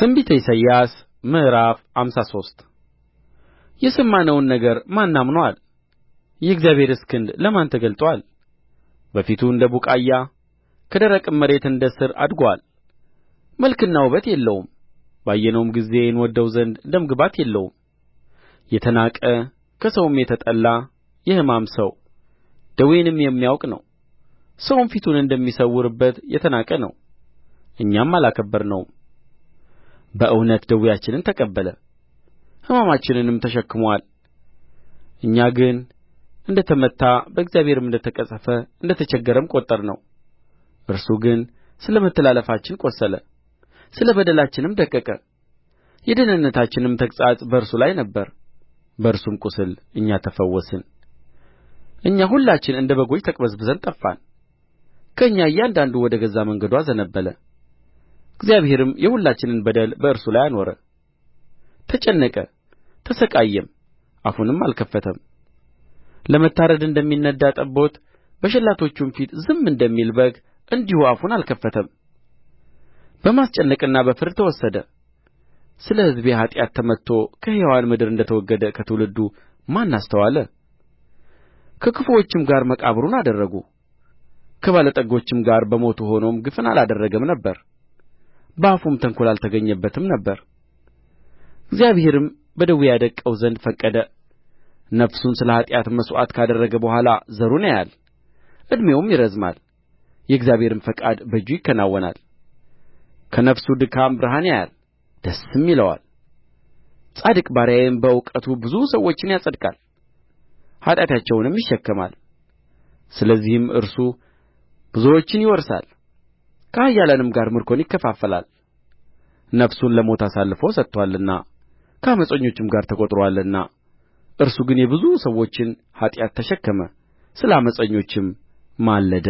ትንቢተ ኢሳይያስ ምዕራፍ ሃምሳ ሶስት የሰማነውን ነገር ማን አምኖአል የእግዚአብሔርስ ክንድ ለማን ተገልጦአል በፊቱ እንደ ቡቃያ ከደረቅም መሬት እንደ ሥር አድጎአል መልክና ውበት የለውም ባየነውም ጊዜ እንወድደው ዘንድ ደም ግባት የለውም የተናቀ ከሰውም የተጠላ የሕማም ሰው ደዌንም የሚያውቅ ነው ሰውም ፊቱን እንደሚሰውርበት የተናቀ ነው እኛም አላከበርነውም በእውነት ደዌያችንን ተቀበለ ሕመማችንንም ተሸክሞአል እኛ ግን እንደ ተመታ በእግዚአብሔርም እንደ ተቀሠፈ እንደ ተቸገረም ቈጠርነው እርሱ ግን ስለ መተላለፋችን ቈሰለ ስለ በደላችንም ደቀቀ የደኅንነታችንም ተግሣጽ በእርሱ ላይ ነበረ በእርሱም ቍስል እኛ ተፈወስን እኛ ሁላችን እንደ በጎች ተቅበዝብዘን ጠፋን ከእኛ እያንዳንዱ ወደ ገዛ መንገዱ አዘነበለ እግዚአብሔርም የሁላችንን በደል በእርሱ ላይ አኖረ ተጨነቀ ተሣቀየም አፉንም አልከፈተም ለመታረድ እንደሚነዳ ጠቦት በሸላቶቹም ፊት ዝም እንደሚል በግ እንዲሁ አፉን አልከፈተም በማስጨነቅና በፍርድ ተወሰደ ስለ ሕዝቤ ኃጢአት ተመትቶ ከሕያዋን ምድር እንደ ተወገደ ከትውልዱ ማን አስተዋለ ከክፉዎችም ጋር መቃብሩን አደረጉ ከባለጠጎችም ጋር በሞቱ ሆኖም ግፍን አላደረገም ነበር በአፉም ተንኰል አልተገኘበትም ነበር እግዚአብሔርም በደዌ ያደቅቀው ዘንድ ፈቀደ ነፍሱን ስለ ኃጢአት መሥዋዕት ካደረገ በኋላ ዘሩን ያያል ዕድሜውም ይረዝማል የእግዚአብሔርም ፈቃድ በእጁ ይከናወናል ከነፍሱ ድካም ብርሃን ያያል ደስም ይለዋል ጻድቅ ባሪያዬም በእውቀቱ ብዙ ሰዎችን ያጸድቃል ኃጢአታቸውንም ይሸከማል ስለዚህም እርሱ ብዙዎችን ይወርሳል ከኃያላንም ጋር ምርኮን ይከፋፈላል ነፍሱን ለሞት አሳልፎ ሰጥቶአልና ከዓመፀኞችም ጋር ተቈጥሮአልና እርሱ ግን የብዙ ሰዎችን ኃጢአት ተሸከመ ስለ ዓመፀኞችም ማለደ